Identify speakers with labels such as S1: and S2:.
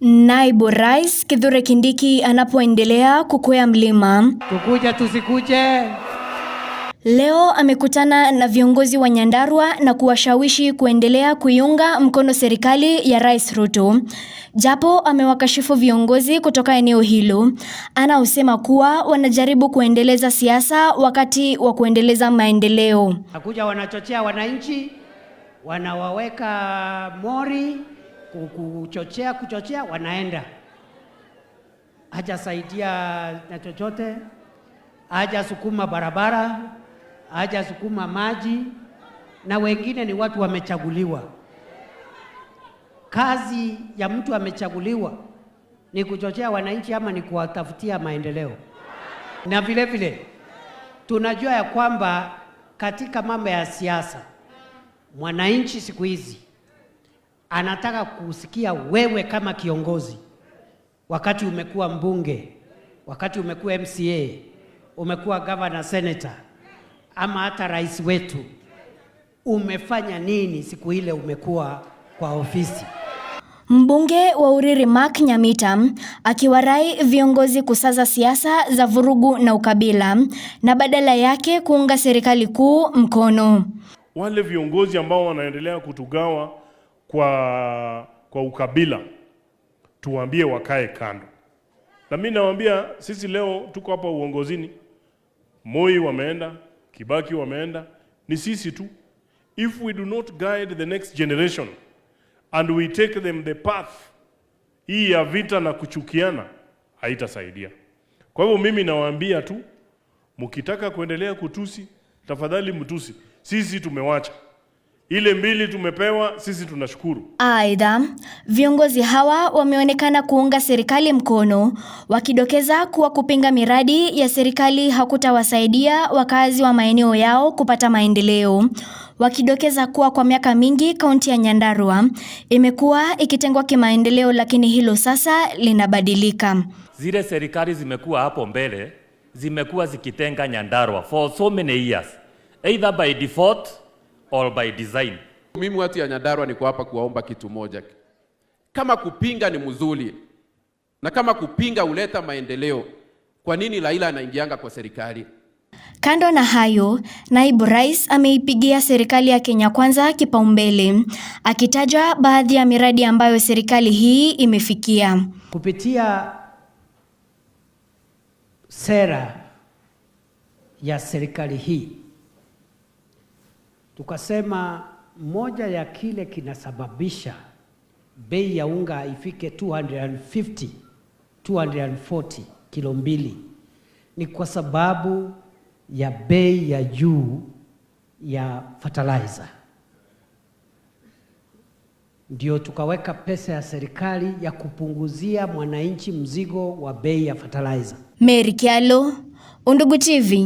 S1: Naibu Rais Kithure Kindiki anapoendelea kukwea mlima
S2: tukuja tusikuje,
S1: leo amekutana na viongozi wa Nyandarua na kuwashawishi kuendelea kuiunga mkono serikali ya Rais Ruto, japo amewakashifu viongozi kutoka eneo hilo anaosema kuwa wanajaribu kuendeleza siasa wakati wa kuendeleza maendeleo.
S2: Nakuja wanachochea wananchi, wanawaweka mori kuchochea kuchochea, wanaenda hajasaidia na chochote, hajasukuma barabara, hajasukuma maji, na wengine ni watu wamechaguliwa. Kazi ya mtu amechaguliwa ni kuchochea wananchi ama ni kuwatafutia maendeleo? Na vile vile tunajua ya kwamba katika mambo ya siasa mwananchi siku hizi anataka kusikia wewe kama kiongozi, wakati umekuwa mbunge, wakati umekuwa MCA, umekuwa governor, senator ama hata rais wetu, umefanya nini siku ile umekuwa kwa ofisi?
S1: Mbunge wa Uriri Mark Nyamita akiwarai viongozi kusaza siasa za vurugu na ukabila na badala yake kuunga serikali kuu mkono.
S3: Wale viongozi ambao wanaendelea kutugawa kwa, kwa ukabila tuwambie wakae kando. Na mimi nawaambia sisi leo tuko hapa uongozini, Moi wameenda, Kibaki wameenda, ni sisi tu. If we do not guide the next generation and we take them the path hii ya vita na kuchukiana, haitasaidia. Kwa hivyo mimi nawaambia tu, mkitaka kuendelea kutusi, tafadhali mtusi, sisi tumewacha. Ile mbili tumepewa sisi tunashukuru.
S1: Aidha, viongozi hawa wameonekana kuunga serikali mkono, wakidokeza kuwa kupinga miradi ya serikali hakutawasaidia wakazi wa maeneo yao kupata maendeleo, wakidokeza kuwa kwa miaka mingi kaunti ya Nyandarua imekuwa ikitengwa kimaendeleo, lakini hilo sasa linabadilika.
S4: Zile serikali zimekuwa hapo mbele zimekuwa zikitenga Nyandarua for so many years either by default all by design.
S3: Mimi watu ya Nyandarua niko hapa kuwaomba kitu moja. Kama kupinga ni mzuri na kama kupinga huleta maendeleo, kwa nini Raila anaingianga kwa serikali?
S1: Kando na hayo, naibu rais ameipigia serikali ya Kenya Kwanza kipaumbele, akitaja baadhi ya miradi ambayo serikali hii imefikia
S2: kupitia sera ya serikali hii tukasema moja ya kile kinasababisha bei ya unga ifike 250 240 kilo mbili ni kwa sababu ya bei ya juu ya fertilizer. Ndio tukaweka pesa ya serikali ya kupunguzia mwananchi mzigo wa bei ya fertilizer.
S1: Mary Kyalo, Undugu TV.